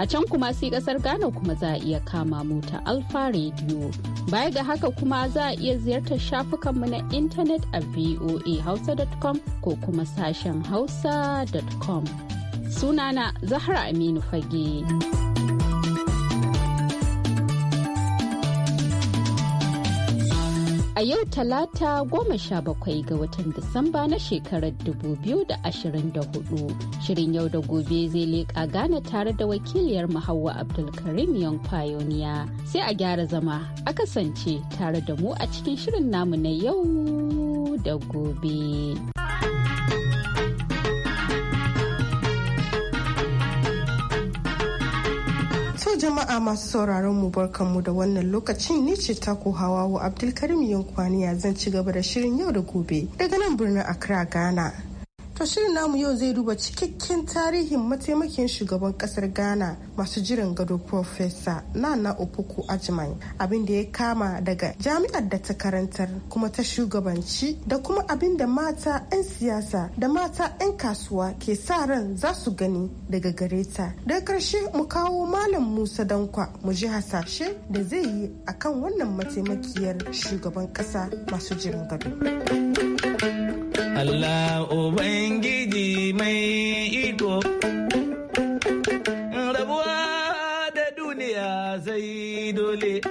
A can kuma sai kasar Ghana kuma za a iya kama mu ta Alfa Radio. Baya ga haka kuma za a iya ziyartar shafukanmu na intanet a voahausa.com ko kuma sashen hausa.com. Sunana Zahra Aminu Fage. a yau talata goma sha bakwai ga watan Disamba na shekarar da da ashirin hudu, Shirin yau da gobe zai leƙa gane tare da wakiliyar mahawa Abdulkarim Young Pioneer. Sai a gyara zama a kasance tare da mu a cikin shirin namu na yau da gobe. To jama'a masu sauraron mu barkanmu da wannan lokacin ni ce taku hawawo Abdulkarim Yankwaniya zan ci gaba da shirin yau da gobe daga nan birnin Accra Ghana. To shirin namu yau zai duba cikakken tarihin mataimakin shugaban kasar Ghana masu jiran gado Profesa Nana Opoku Ajimai abin da ya kama daga jami'ar da ta karantar kuma ta shugabanci da kuma abin da mata 'yan siyasa da mata 'yan kasuwa ke sa ran za su gani daga gareta ta. Daga karshe mu kawo Malam Musa Dankwa mu ji hasashe da zai yi akan wannan mataimakiyar shugaban ƙasa masu jiran gado. Allah Ubangiji mai iko. Rabuwa da duniya zai dole.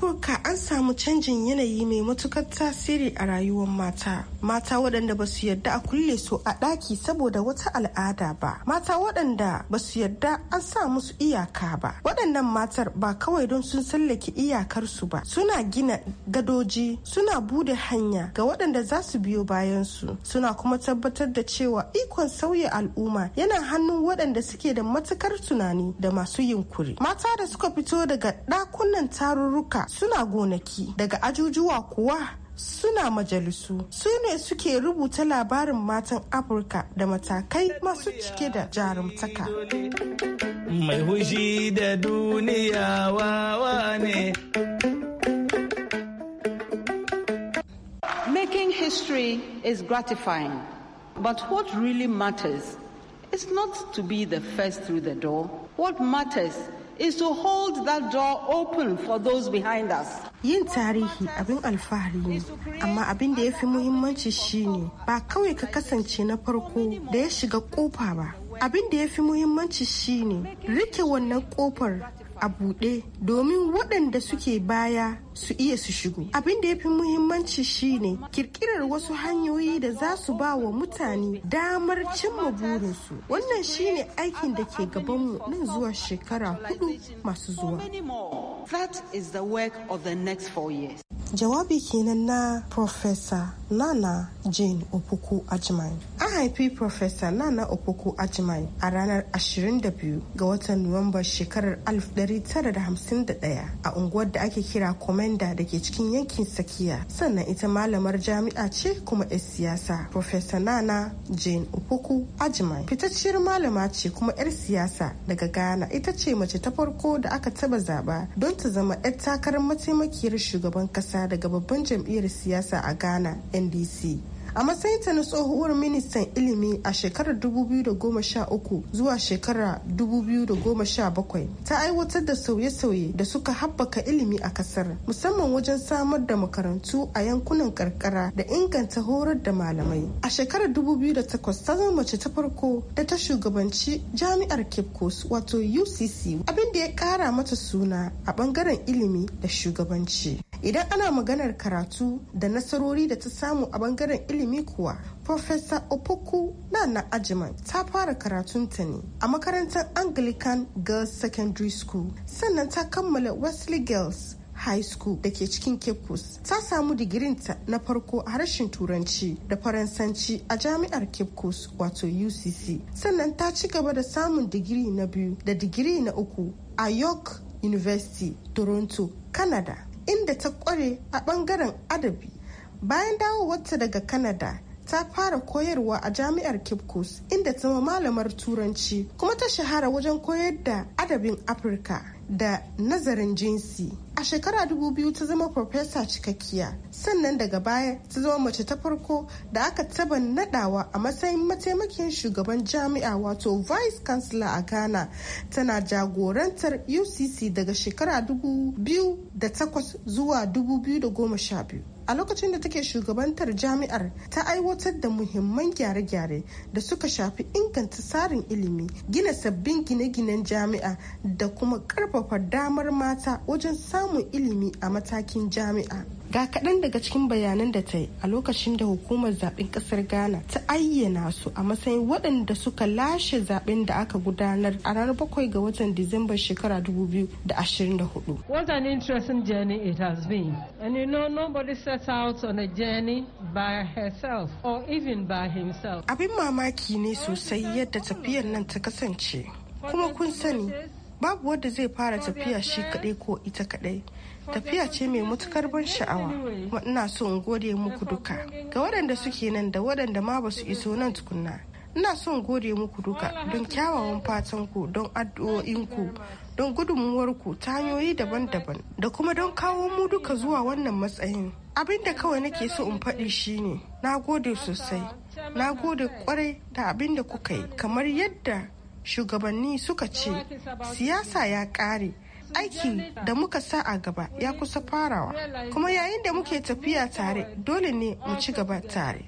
afirka an samu canjin yanayi mai matukar tasiri a rayuwar mata mata waɗanda ba su yarda a kulle su a ɗaki saboda wata al'ada ba mata waɗanda ba su yarda an sa musu iyaka ba waɗannan matar ba kawai don sun tsallake iyakarsu ba suna gina gadoji suna bude hanya ga waɗanda za su biyo bayansu, suna kuma tabbatar da cewa ikon sauya al'umma yana hannun waɗanda suke da matukar tunani da masu yunkuri mata da suka fito daga ɗakunan tarurruka suna gonaki daga ajujuwa kuwa suna majalisu su ne suke rubuta labarin matan afirka da matakai masu cike da jarumtaka mai hushi da duniya wawa ne making history is gratifying but what really matters is not to be the first through the door what matters is to hold that door open for those behind us. Yin tarihi abin alfahari ne, amma abin da ya fi muhimmanci ne ba kawai ka kasance na farko da ya shiga kofa ba. Abin da ya fi muhimmanci ne rike wannan kofar a buɗe domin waɗanda suke baya su iya su shigo. Abin da ya fi muhimmanci shine kirkirar wasu hanyoyi da za su ba wa mutane damar cimma burinsu. Wannan shine aikin da ke gabanmu nan zuwa shekara hudu masu zuwa. That is the work of the next four years. jawabi kenan na Professor Nana Jane Opoku Ajimai. An haifi Professor Nana Opoku Ajimai a ranar 22 ga watan Nuwamba shekarar 1951 a unguwar da ake kira Komenda da ke cikin yankin Sakiya. Sannan ita malamar jami'a ce kuma 'yar siyasa. Professor Nana Jane Opoku Ajimai. Fitacciyar malama ce kuma 'yar siyasa daga Ghana. Ita ce mace ta farko da aka taba zaba don ta zama 'yar takarar mataimakiyar shugaban kasa fita daga babban jam'iyyar siyasa a ghana ndc a matsayin ta na tsohuwar ministan ilimi a shekarar 2013 zuwa shekarar 2017 ta aiwatar da sauye-sauye da suka haɓaka ilimi a kasar musamman wajen samar da makarantu a yankunan karkara da inganta horar da malamai a shekarar 2008 ta zama mace ta farko da ta shugabanci jami'ar cape coast wato ucc abinda ya kara mata suna a bangaren ilimi da shugabanci Idan ana maganar karatu da nasarori da ta samu a bangaren ilimi kuwa, Profesa Opoku na Ajiman ta fara karatunta ne a makarantar Anglican Girls Secondary School, sannan ta kammala Wesley Girls High School da ke cikin Cape Coast. Ta samu digirinta na farko a harshen Turanci da Faransanci a Jami'ar Cape Coast wato UCC. Sannan ta ci gaba da samun digiri na biyu da digiri na uku a York University, Toronto, Canada. inda ta kware a bangaren adabi bayan dawowarta daga canada ta fara koyarwa a jami'ar Coast inda ta zama malamar turanci kuma ta shahara wajen koyar da adabin Afirka da nazarin jinsi. A shekara 2000 ta zama farfesa cikakkiya, sannan daga baya ta zama mace ta farko da aka taba nadawa a matsayin mataimakin shugaban jami'a wato vice chancellor a Ghana tana jagorantar UCC daga shekara 2008 zuwa 2012. a lokacin da take shugabantar jami'ar ta aiwatar da muhimman gyare-gyare da suka shafi inganta tsarin ilimi gina sabbin gine-ginen jami'a da kuma karfafa damar mata wajen samun ilimi a matakin jami'a Ga kaɗan daga cikin bayanan da ta yi a lokacin da hukumar zaɓen ƙasar Ghana ta ayyana su a matsayin waɗanda suka lashe zaɓen da aka gudanar a ranar bakwai ga watan Disamba shekara 2024. What an interesting journey it has been. And you know nobody sets out on a journey by herself or even by himself. Abin mamaki ne sosai yadda tafiyar nan ta kasance. Kuma kun sani babu wanda zai fara tafiya shi kaɗai ko ita kaɗai tafiya ce mai matukar ban sha'awa kuma ina so in gode muku duka ga waɗanda suke nan da waɗanda ma ba su iso nan tukunna ina so in gode muku duka don kyawawan fatan ku don addu'o'in ku don ku ta hanyoyi daban-daban da kuma don kawo mu duka zuwa wannan matsayin abin da kawai nake so in faɗi shine na gode sosai na gode kwarai da abin da kuka yi kamar yadda shugabanni suka ce siyasa ya kare aiki da muka sa a gaba ya kusa farawa kuma yayin da muke tafiya tare dole ne mu ci gaba tare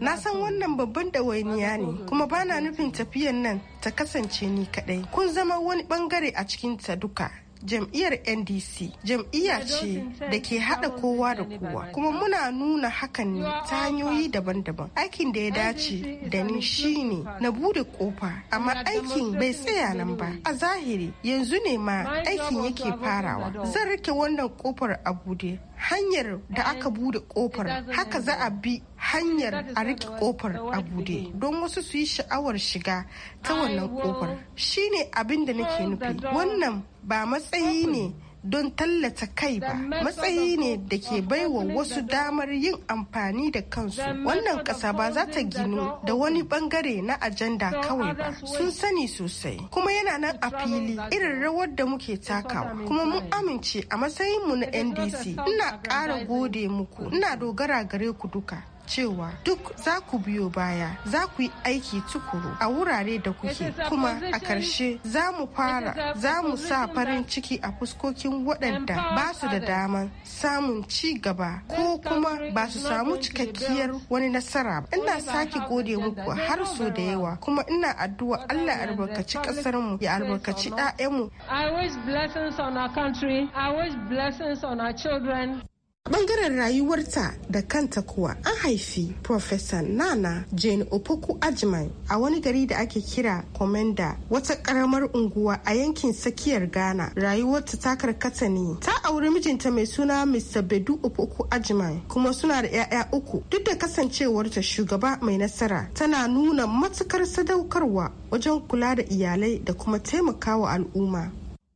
Na san wannan babban dawainiya ne kuma bana nufin tafiyan nan ta kasance ni kaɗai. Kun zama wani ɓangare a cikinta duka. jam'iyyar ndc jam'iyya ce da ke haɗa kowa da kowa kuma muna nuna hakan ne ta hanyoyi daban-daban aikin da ya dace da ni shine na bude kofa amma aikin bai tsaya nan ba a zahiri yanzu ne ma aikin yake farawa zan rike wannan kofar a bude hanyar da aka bude kofar haka za a bi hanyar a rike kofar a bude don wasu su yi sha'awar shiga ta wannan kofar shine abin da nake nufi wannan ba matsayi ne don tallata kai ba matsayi ne da ke baiwa wasu damar yin amfani da kansu wannan ƙasa ba za ta ginu da wani bangare na ajanda kawai ba sun sani sosai kuma yana nan a fili irin rawar da muke takawa kuma mun amince a matsayinmu na ndc ina ƙara gode muku ina dogara gare ku duka cewa duk za ku biyo baya za ku yi aiki tukuru a wurare da kuke kuma a karshe za mu fara za mu sa farin ciki a fuskokin waɗanda ba su da daman samun ci gaba ko kuma ba su samu cikakkiyar wani nasara ba. ina sake gode muku har so da yawa kuma ina addu'a Allah albarkaci mu ya albarkaci 'ya'yanmu. I wish blessings on our country. I wish blessings on our children. bangaren rayuwarta da kanta kuwa an haifi Profesa Nana Jane Opoku Ajman a wani gari da ake kira Komenda wata karamar unguwa a yankin tsakiyar Ghana. Rayuwarta ta karkata ne. Ta auri mijinta mai suna Mr. Bedu Opoku Ajman kuma suna da 'ya'ya uku. Duk da kasancewarta shugaba mai nasara tana nuna matukar sadaukarwa wajen kula da iyalai da kuma taimakawa al'umma.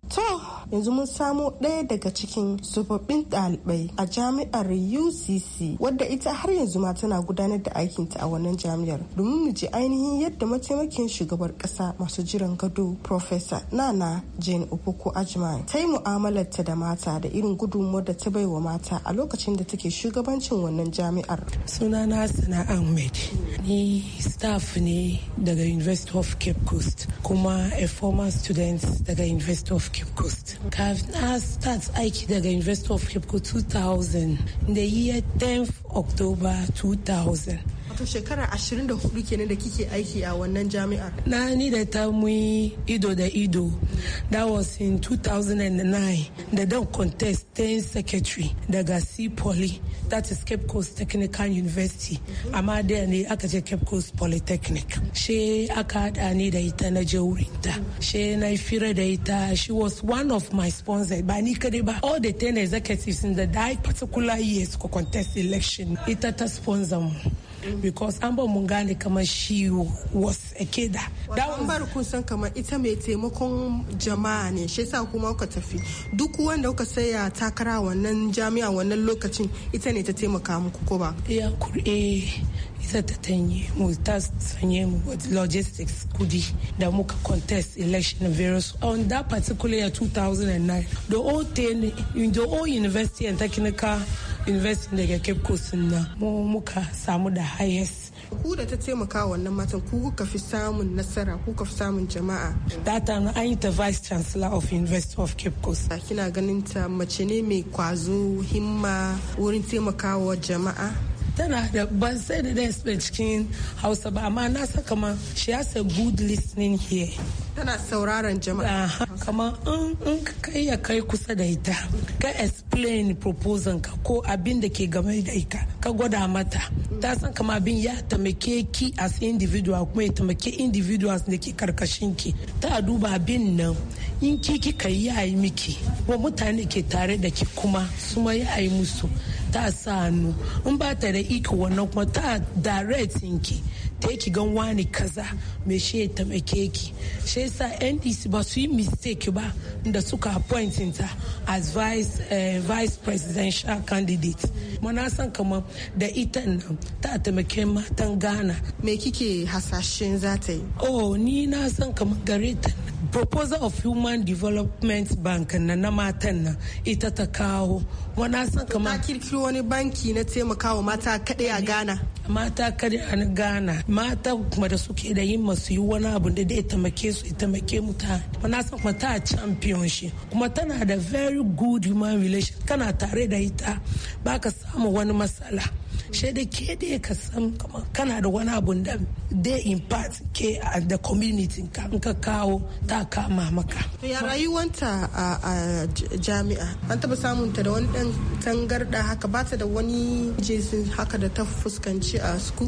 To, yanzu mun samo ɗaya daga cikin tsofaffin ɗalibai a jami'ar UCC wadda ita har yanzu ma tana gudanar da aikinta a wannan jami'ar domin mu ji ainihin yadda mataimakin shugabar ƙasa masu jiran gado Professor Nana Jane Opoku Ajman ta yi mu'amalarta da mata da irin gudunmuwar da ta bai wa mata a lokacin da take shugabancin wannan jami'ar. Sunana Sana Ahmed, ni staff ne daga University of Cape Coast kuma a former student daga University of Cape Coast. Kafin start aiki daga University of Cape Coast 2000, in the year 10th October 2000. wato shekara 24 kenan da kike aiki a wannan jami'ar. Na ni da ta muyi ido da ido. That was in 2009 da don contest ten secretary daga C Poly that is Cape Coast Technical University. Amma da ne aka je Cape Coast Polytechnic. She aka haɗa ni da ita na je She na fira da ita she was one of my sponsors ba ni kadai ba all the 10 executives in the that particular year suka contest election ita ta sponsor mu. because an ba mun gane kamar shi was a keda an bar kun san kamar ita mai taimakon jama'a ne shi yasa kuma ka tafi duk wanda kuka saya takara wannan jami'a wannan lokacin ita ne ta taimaka muku ko ba ya kur'e ita ta tanye mu ta sanye mu with logistics kudi da muka contest election various on that particular year 2009 the old thing the old university and technical investing daga cape coast na mu muka samu da highest ku da ta taimaka wannan matan ku kuka fi samun nasara ku kuka fi samun jama'a data na an yi ta vice chancellor of university of cape coast kina ganin ta mace ne mai kwazo himma wurin taimakawa jama'a tana da ban sai da dan spain cikin hausa ba amma na sa kama she has a good listening here tana sauraron jama'a kamar in kai ya kai kusa da ita ka explain proposal ka ko abin da ke game da ita ka gwada mata ta san kama abin ya taimake ki as individual kuma ya tamake individuals da ke karkashin ki ta duba abin nan in ki kika yi ya yi miki wa mutane ke tare da ki kuma suma ya yi musu ta sa hannu in ba taa da iko wannan direct nke take ki gan wani kaza me shi ya taimake ki shi yasa ndc ba su yi mistake ba da suka appointing ta as vice, uh, vice presidential candidate mana san kamar da ita nan ta taimake matan ghana me kike hasashen za ta yi oh ni na san kamar gare ta proposal of human development bank na na matan nan ita ta kawo wana san kamar ta kirkiro wani banki na taimakawa mata kadai a eh, ghana mata kada an gana mata kuma da suke da yin masu yi wani abu da zai taimake su taimake mu ta na san kuma ta champion shi kuma tana da very good human relation kana tare da ita baka samu wani matsala shi da ke da ka san kana da wani abu da dai impact ke a da community ka ka kawo ta kama maka. ya rayuwanta a jami'a an taba samunta da wani dan tangarda haka ba ta da wani jesin haka da ta fuskanci a suku.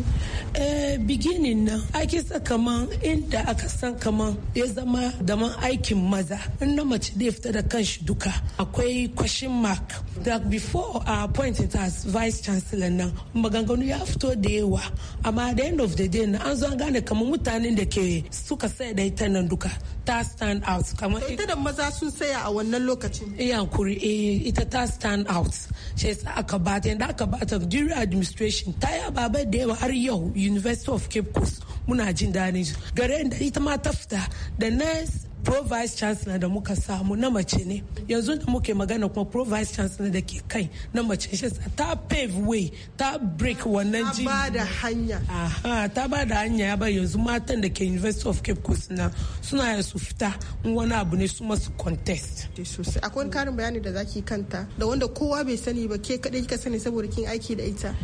Eh, beginning nan ake sa kaman inda aka san kaman ya zama daman aikin maza in na mace da fita da kanshi duka akwai question mark da before a uh, point as vice chancellor nan maganganu ya fito da yawa amma the end of the day na an zo an gane kaman mutanen da ke suka sai da ita nan duka ta stand out kamar ita da maza sun saya a wannan lokacin iya kuri eh, ita ta stand out shi yasa aka bata yanda aka bata during administration ta yi ababai da yawa har yau University of Cape Coast muna jin daɗin gare da ita ma ta fita da nurse. pro vice chancellor da muka samu na mace ne yanzu da muke magana kuma pro vice chancellor da ke kai na mace shi ta pave way ta break wannan ji ta bada hanya aha ta bada hanya ya ba yanzu matan da ke university of cape coast na suna ya su fita in wani abu ne su masu contest sosai akwai wani karin bayani da zaki kanta da wanda kowa bai sani ba ke kadai kika sani saboda kin aiki da ita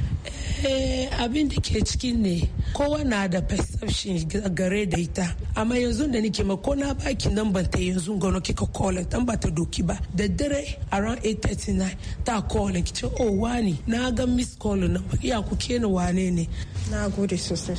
eh abin da ke cikin ne kowa na da perception gare da ita amma yanzu da nake ma ko na baki ban ta yanzu gano kika kola tan ba ta doki ba da dare around 8:39 ta calling kice oh wani na ga miss call na iya ku kena wane ne na gode sosai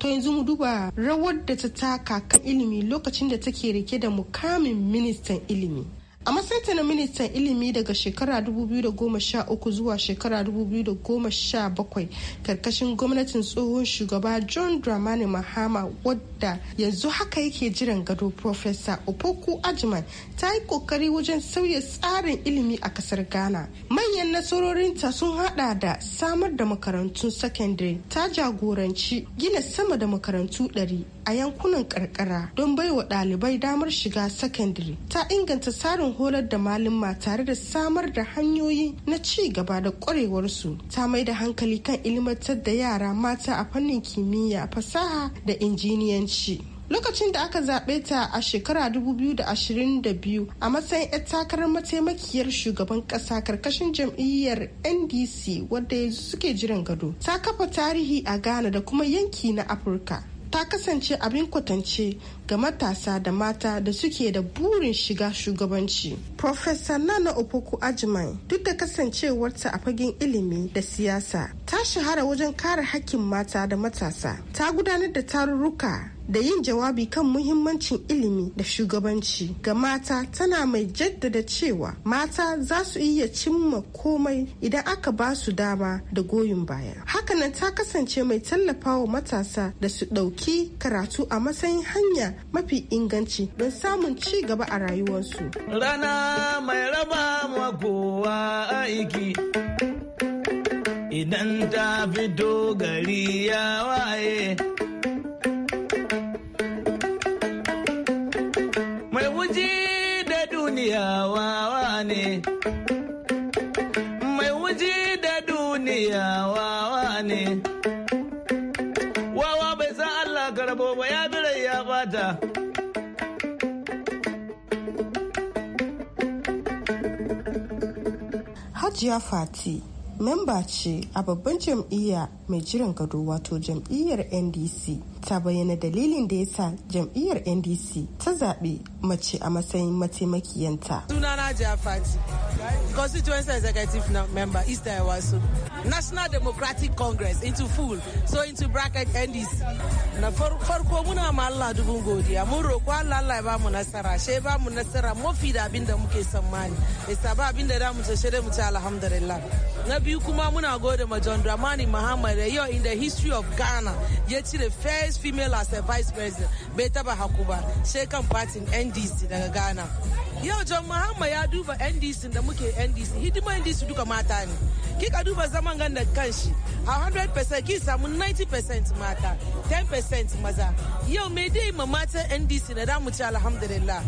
To yanzu mu duba rawar da ta taka kan ilimi lokacin da take rike da mukamin ministan ilimi. A matsayinta ministan ilimi daga shekara 2013 zuwa shekara 2017 karkashin gwamnatin tsohon shugaba John Dramani Mahama wadda yanzu haka yake jiran gado Profesa Opoku Ajiman ta yi kokari wajen sauya tsarin ilimi a kasar Ghana. Manyan nasarorinta sun hada da samar da makarantun sakandare ta jagoranci gina sama da makarantu ɗari. a yankunan karkara don baiwa ɗalibai damar shiga sakandare ta inganta tsarin horar da malama tare da samar da hanyoyi na ci gaba da kwarewarsu ta mai da hankali kan ilmantar da yara mata a fannin kimiyya fasaha da injiniyanci lokacin da aka zaɓe ta a shekara 2022 a matsayin 'yar takarar mataimakiyar shugaban ƙasa karkashin jam'iyyar ndc wadda yanzu suke jiran gado ta kafa tarihi a ghana da kuma yanki na afirka ta kasance abin kwatance ga matasa da mata da suke da burin shiga shugabanci. Profesa Nana Opoku Ajiman duk da kasancewarta a fagen ilimi da siyasa ta shahara wajen kare hakkin mata da matasa ta gudanar da tarurruka da yin jawabi kan muhimmancin ilimi da shugabanci ga mata tana mai jaddada cewa mata za su iya cimma komai idan aka ba su dama da goyon baya hakanan ta kasance mai tallafawa matasa da su ɗauki karatu a matsayin hanya mafi inganci don samun ci gaba a rayuwarsu rana mai raba magowa aiki idan ta fito gari ya waye duniya wawa mai wuji da duniya wawa ne wawa bai san allah karabo ba ya birai ya bata hajiya fati memba ce a babban jam'iyya mai jiran gado wato jam'iyyar ndc ta bayyana dalilin da ya sa jam'iyyar ndc ta zaɓi mace a matsayin mataimakiyanta sunana jafati constituency executive member, East Ayawasu. National Democratic Congress into full, so into bracket NDC. Na farko muna ma Allah dubun godiya, mun roko Allah Allah ya bamu nasara, shi bamu nasara mafi da abinda muke sammani Isa e ba abin da damu ta mu alhamdulillah. Na biyu kuma muna gode ma John Dramani in the history of Ghana ya the first female as a vice president bai taba haku ba, kan NDC daga Ghana. yau john mahama ya duba ndc da muke ndc hidima ndc duka mata ne kika duba zaman gan da kanshi a 100% ki samu 90% mata 10% maza yau mai dai ma mata ndc na damu ci alhamdulillah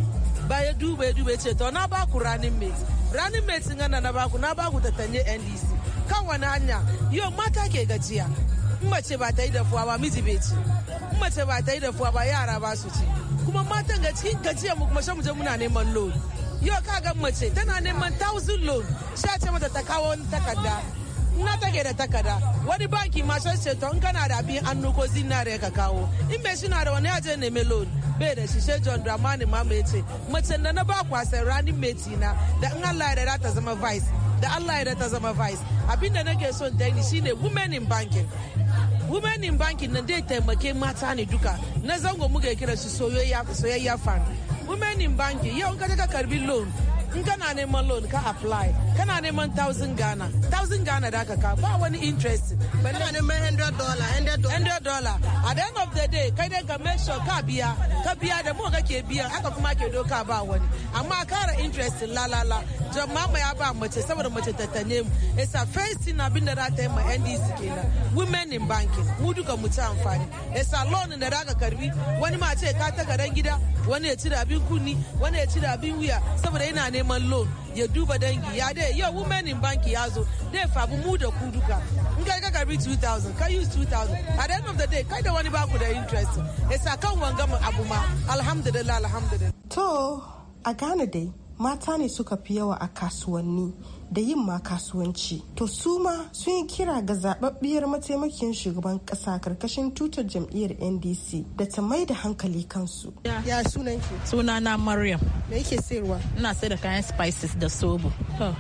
ba ya duba ya duba ya ce to na ku ranin mate ranin mate sun gana na ku na ku tattanye ndc kan wani hanya yau mata ke gajiya mace ba ta yi dafuwa ba miji bai ci mace ba ta yi dafuwa ba yara ba su ci kuma matan ga cikin gajiyar mu kuma shan mu muna neman loan yau ka ga mace tana neman thousand loan sha ce mata ta kawo wani takarda na take da takarda wani banki ma shan ce to in kana da abin hannu ko zinare ka kawo in bai shi na da wani aje neme loan bai da shi she John Dramani ma mai ce mace da na ba kwasan ranin mai na da in Allah ya da ta zama vice da Allah ya da ta zama vice abinda nake son dai shine women in banking women in banking na dai taimake mata ne duka na zango muka kira su soyayya soyayya fan women in banking yau ka ka karbi loan in kana neman loan ka apply kana neman thousand ghana thousand ghana da ka ka ba wani interest kana neman hundred dollar hundred dollar at the end of the day kai dai ka make sure ka biya ka biya da mu ke biya aka kuma ke doka ba wani amma kara interest la la la ma ya ba mace saboda mace ta tane mu a first thing abin da za ta yi ma NDC kenan women in banking mu duka mu ci amfani a loan da za ka karbi wani ma ce ka ta garan gida wani ya ci da abin kunni wani ya ci da abin wuya saboda yana neman neman loan ya duba dangi ya dai yau women in banki ya zo dai fabu mu da ku duka in kai ka karbi 2000 ka use 2000 at the end of the day kai da wani baku da interest yasa kan wanga abu ma alhamdulillah alhamdulillah to a Ghana dai mata ne suka fi yawa a kasuwanni da yin ma kasuwanci to su ma sun yi kira ga zababbiyar mataimakin shugaban kasa karkashin tutar jam'iyyar ndc da ta mai da hankali kansu ya sunan ki sunana maryam me yake sayarwa ina sai da kayan spices da sobo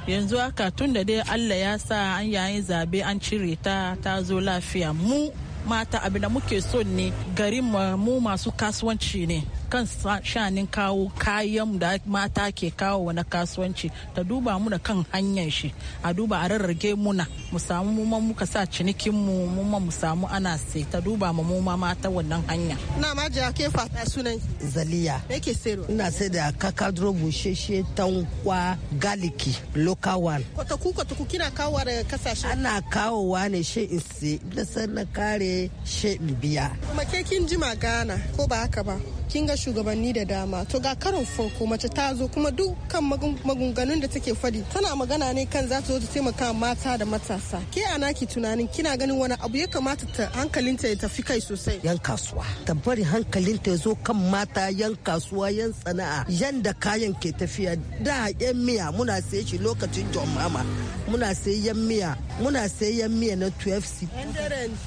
yanzu haka tun da dai allah ya sa an yayin zabe an cire ta ta zo lafiya mu mata abin da muke so ne garin mu masu kasuwanci ne kan shanin kawo kayan da mata ke kawo wani kasuwanci ta duba da kan hanyar shi a duba a rarrage muna mu samu mu muka sa cinikin mu mu mu samu ana sai ta duba mu muma ma wannan hanya na ma ja ke fata sunan zaliya yake sayarwa ina sai da kakadro busheshe tankwa galiki local one kwataku kwataku kina kawo daga kasashe ana kawo wa ne she in sai da na kare she biya kuma ke kin jima gana ko ba haka ba kin ga shugabanni da dama to ga karin farko mace ta zo kuma dukkan magunganun da take fadi tana magana ne kan za ta zo ta taimaka mata da matasa ke ana ki tunanin kina ganin wani abu ya kamata ta hankalinta ya tafi kai sosai yan kasuwa ta bari hankalinta ya zo kan mata yan kasuwa yan sana'a yanda kayan ke tafiya da yan miya muna sai shi lokacin jomama muna sai yan miya muna sayan miya na 12 seat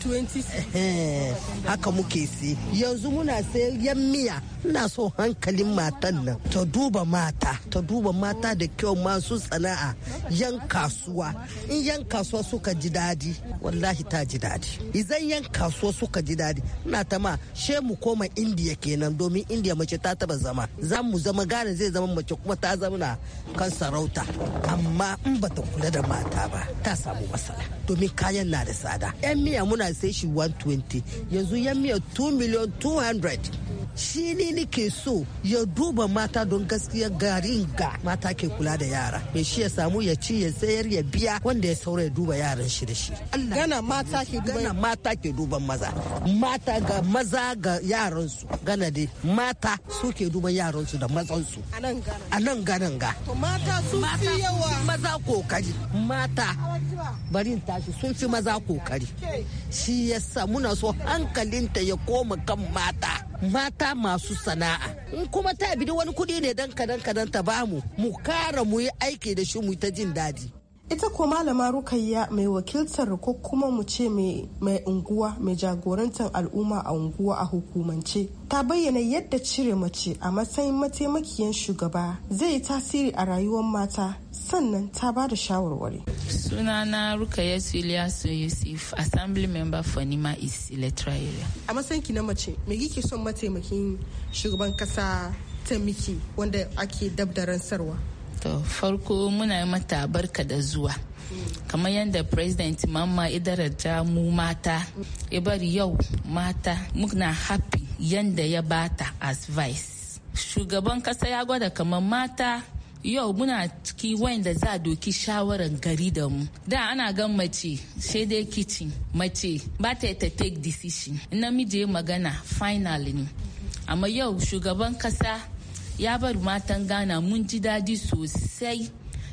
120 haka muke si. yanzu muna sayan miya ina so hankalin matan nan ta duba mata ta duba mata da kyau masu sana'a yan kasuwa in yan kasuwa suka ji dadi wallahi ta ji dadi idan yan kasuwa suka ji dadi ina ta ma she mu koma indiya kenan domin indiya mace ta taba zama za mu zama gane zai zama mace kuma ta zama kan sarauta amma in bata kula da mata ba ta samu ba masana domin kayan na da tsada yan miya muna sai shi 120 yanzu yan miya 2 miliyan 200 shi ne nike so ya duba mata don gaskiya garin ga mata ke kula da yara mai shi ya samu ya ci ya sayar ya biya wanda ya saura ya duba yaran shi da shi gana mata ke duba gana mata ke duban maza mata ga maza ga yaran su gana dai mata su ke duban yaran su da mazan su a nan gana. ga mata su fi yawa maza kokari mata barin tashi sun fi maza kokari shi yasa muna so hankalinta ya koma kan mata mata masu sana'a in kuma ta bi wani kuɗi ne dan kadan kadan ta bamu mu kara mu yi aiki da shi mu ta jin daɗi ita ko malama rukayya mai wakiltar ko kuma mu ce mai unguwa mai jagorantar al'umma a unguwa a hukumance ta bayyana yadda cire mace a matsayin mataimakiyan shugaba zai yi tasiri a rayuwar mata sannan ta ba da shawarwari sunana rukayya siliyasu yusuf assembly member for nima is electoral area a matsayin ki na mace me kike son mataimakin shugaban kasa ta miki wanda ake dab sarwa. to farko muna mata barka da zuwa kamar yadda president mamma idarata mu mata ibar yau mata muna happy yadda ya bata as vice shugaban kasa ya gwada kamar mata yau muna ciki wanda za doki shawarar gari da mu da ana gan mace sai dai kitchen mace ba ta ta take decision namiji magana final ne amma yau shugaban kasa ya bar matan ghana mun ji daɗi sosai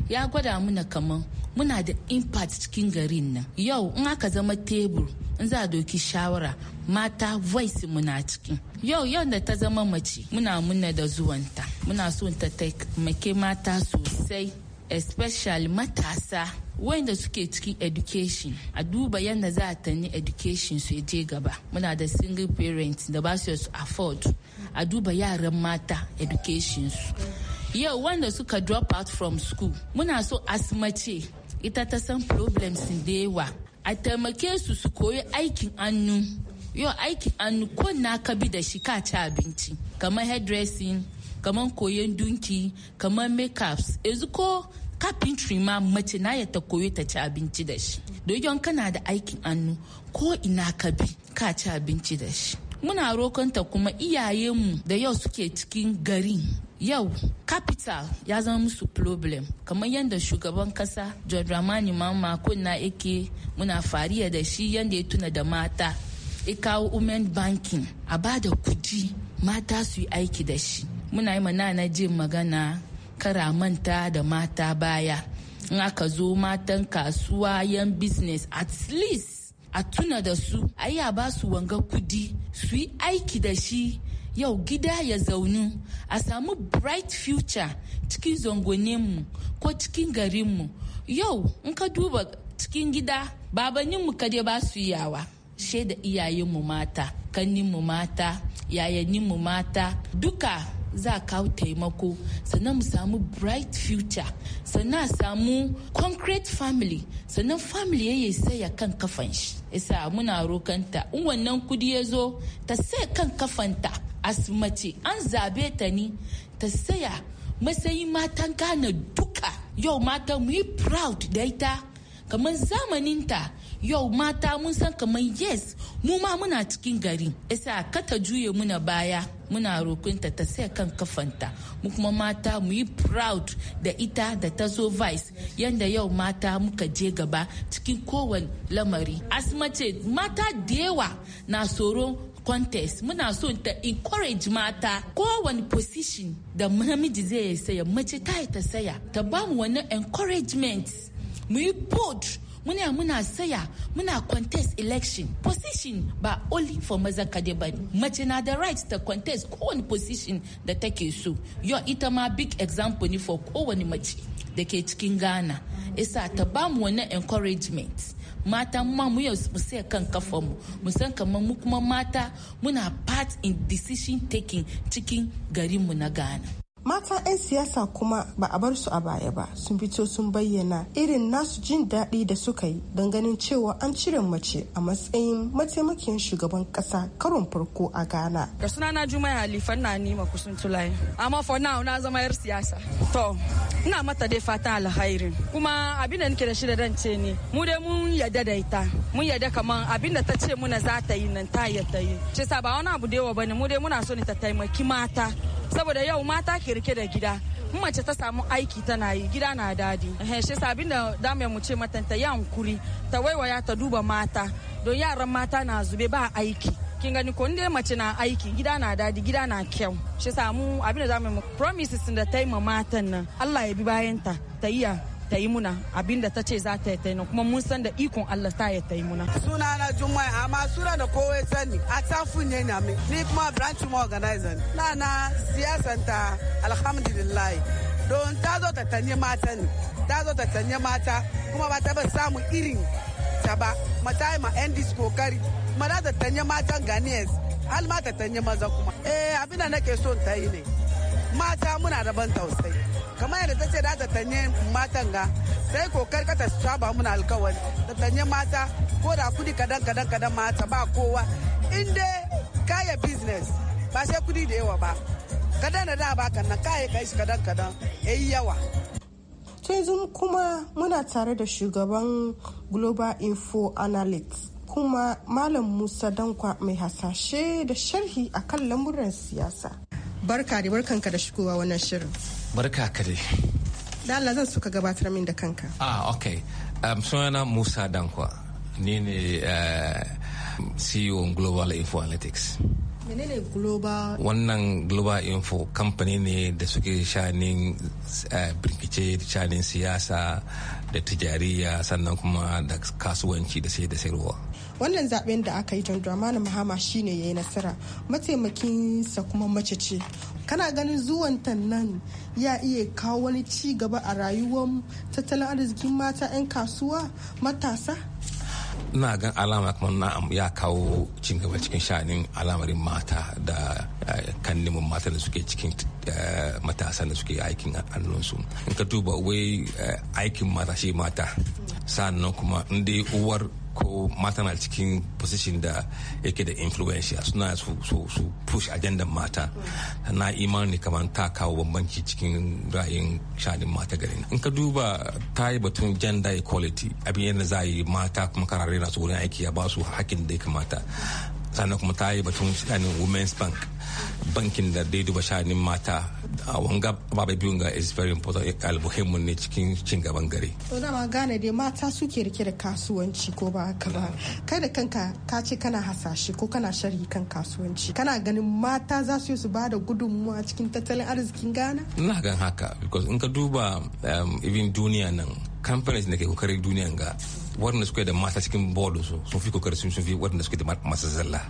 ya gwada muna kaman muna da impact cikin garin nan yau in aka zama tebur in za a doki shawara mata voice muna cikin yau yau da ta zama mace muna muna da zuwanta muna so ta taimake mata sosai especially matasa wanda suke cikin education a duba yadda za a tani education su je gaba muna da single parents da ba su afford a duba yaran mata education su yau wanda suka drop out from school muna so asmace ita ta san problems da yawa a taimake su su koyi aikin hannu yau aikin hannu ko na ka bi da shi ka ci abinci kamar hairdressing kamar koyon dunki kamar makeups yanzu ko carpentry ma mace na ya ta koyi ta ci abinci da shi don kana da aikin hannu ko ina kabi bi ka ci abinci da shi muna rokonta kuma iyayenmu da yau suke cikin gari yau capital ya zama musu problem kamar yadda shugaban kasa john ramani mama kunna yake muna fariya da shi yadda ya tuna da mata ya kawo women banking a ba da kudi mata su yi aiki da shi muna yi na jin magana kara manta da mata baya in aka zo matan kasuwa yan business at least a tuna da su a yi a ba su wanga kudi su yi aiki da shi yau gida ya zaunu a samu bright future cikin zangoninmu ko cikin garinmu yau in ka duba cikin gida babaninmu kade ba su yawa shaida iyayenmu mata kanninmu mata yayaninmu mata duka za a kawo taimako sannan mu samu bright future sannan a samu concrete family sannan family ya yi saya kan kafan shi isa muna rokanta in wannan kudi ya zo ta saya kan kafanta asmace an zabe ta ni ta saya matsayin matan gane duka yau mata mu yi proud da ita kamar zamaninta yau mata mun san kamar yes mu ma muna cikin gari isa kata juye muna baya muna roƙinta ta sai kan kafanta mu kuma mata mu yi proud da ita da ta zo vice yanda yau mata muka je gaba cikin kowane lamari asma ce mata da yawa na tsoron contest muna so ta encourage mata kowane position da namiji zai saya mace ta ta saya ta ba mu wani encouragement mu yi muna muna saya muna contest election position ba only for maza kade ba mace na da right ta contest kowane position da take so yau ita ma big example ne for kowane mace da ke cikin ghana isa ta ba mu wani encouragement mata ma mu yau mu sai kan kafanmu mu san kamar mu kuma mata muna part in decision taking cikin garinmu na ghana mata 'yan siyasa kuma ba a bar su a baya ba sun fito sun bayyana irin nasu jin daɗi da suka yi don ganin cewa an cire mace a matsayin mataimakin shugaban ƙasa karon farko a ghana da sunana jumaya halifan na nima kusun tulayi amma for now na zama yar siyasa to ina mata dai fata alhairin kuma abin da nake da shi da dan ce ne mu dai mun yadda da ita mun yadda kamar abin da ta ce muna za ta yi nan ta yadda yi ce ba wani abu da yawa bane mu dai muna so ne ta taimaki mata saboda yau mata ke girke da gida mace ta samu aiki tana yi gida na dadi shi sabin da damar mu ce mata ta hankuri ta waiwaya ta duba mata don yaran mata na zube ba aiki kin gani ko inda mace na aiki gida na dadi gida na kyau shi samu abin da zamu promises da ta yi ma matan nan Allah ya bi bayan ta ta ta yi muna abin da ta ce za ta yi ta yi kuma mun san da ikon Allah ta yi ta yi muna. Suna na Jummai amma suna da kowai sani a tafin ne na ni kuma branch mu organizer na na ta alhamdulillah don ta zo ta tanye mata ne ta zo ta tanye mata kuma ba ta ba samu irin ta ba ta yi ma yan disco kari ma za ta tanye matan ghanaians har ma ta tanye maza kuma eh abin da nake so ta yi ne. mata muna da ban tausayi kamar yadda ta ce da ta tanye matan ga sai kokar ka su saba muna alkawari ta tanye mata ko da kudi kadan kadan kadan mata ba kowa in dai kaya business ba sai kudi da yawa ba kadan da da ba kan nan kaya kai shi kadan kadan yayi yawa yanzu kuma muna tare da shugaban global info analytics kuma malam musa dankwa mai hasashe da sharhi akan lamuran siyasa barka da barkanka da shigowa wannan shirin barka ka dai da Allah zan suka gabatar min da kanka ah okay um, sunana Musa Dankwa ni ne uh, eh, CEO Global Info Analytics menene global wannan global info kamfani ne da suke shanin eh, birkice shanin siyasa da tijariya sannan kuma da kasuwanci da sai da sayarwa wannan zaben da aka yi john dramani mahama shine ya yi nasara sa kuma mace ce kana ganin zuwan nan ya iya kawo wani ci gaba a rayuwar tattalin arzikin mata 'yan kasuwa matasa na gan alama kamar na ya kawo cin gaba cikin sha'anin alamarin mata da eh, kan neman mata da suke cikin eh, matasan da suke aikin annonsu in ka duba wai eh, aikin mata shi mata sannan kuma in uwar ko mata na cikin position da yake da influential suna su su push ajandan mata na imani kamar ta kawo bambanci cikin ra'ayin shaɗin mata garin in ka duba ta yi batun gender equality abin yadda za yi mata kuma karare na su wurin aiki ya ba su hakkin da ya kamata sannan kuma ta yi batun shanin women's bank bankin da dai duba shanin mata a wanga babai biyun ga is very important albuhimmun ne cikin cin gaban gari. to dama gane dai mata suke rike da kasuwanci ko ba haka ba kai da kanka ka ce kana hasashe ko kana sharhi kan kasuwanci kana ganin mata za su yi su bada gudunmuwa cikin tattalin arzikin gana ina gan haka because in ka duba um, even duniya nan companies da ke kokarin duniya ga waɗanda suke da mata cikin bodu su sun fi kokarin sun fi waɗanda suke da masu zalla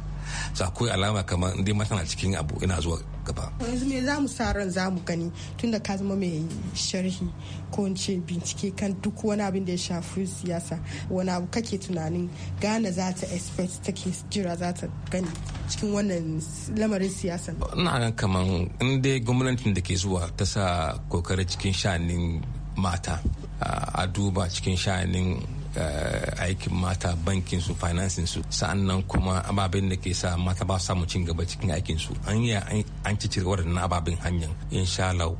su akwai alama kamar inda mata na cikin abu ina zuwa gaba yanzu me za mu sa ran za mu gani tunda ka zama mai sharhi ko in ce bincike kan duk wani abin da ya shafi siyasa wani abu kake tunanin Gana za ta expect take jira za ta gani cikin wannan lamarin siyasa ina kama in inda gwamnatin da ke zuwa ta sa kokarin cikin shanin mata a duba cikin sha'anin eh, aikin mata bankin su financing su sa'annan kuma ababen da ke sa mata ba samu cin gaba cikin aikin su an yi an ci cire waɗannan ababen hanyar insha Allah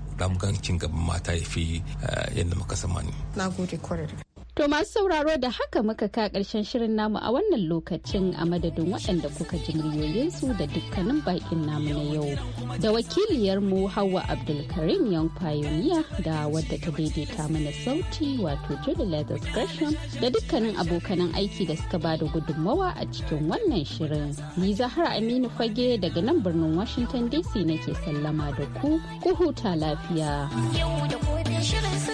cin gaban mata ya fi eh, yadda muka samani. Na gode kwarai To masu sauraro da haka muka ka ƙarshen shirin namu a wannan lokacin a madadin waɗanda kuka ji muryoyinsu da dukkanin baƙin namu na yau. Da wakiliyarmu Hauwa Abdulkarim Young Pioneer da wadda ta daidaita mana sauti wato jude Leathers Gresham da dukkanin abokanan aiki da suka ba da gudunmawa a cikin wannan shirin. Ni Zahra Aminu Fage daga nan birnin Washington DC nake sallama da ku, ku huta lafiya. Yau da shirin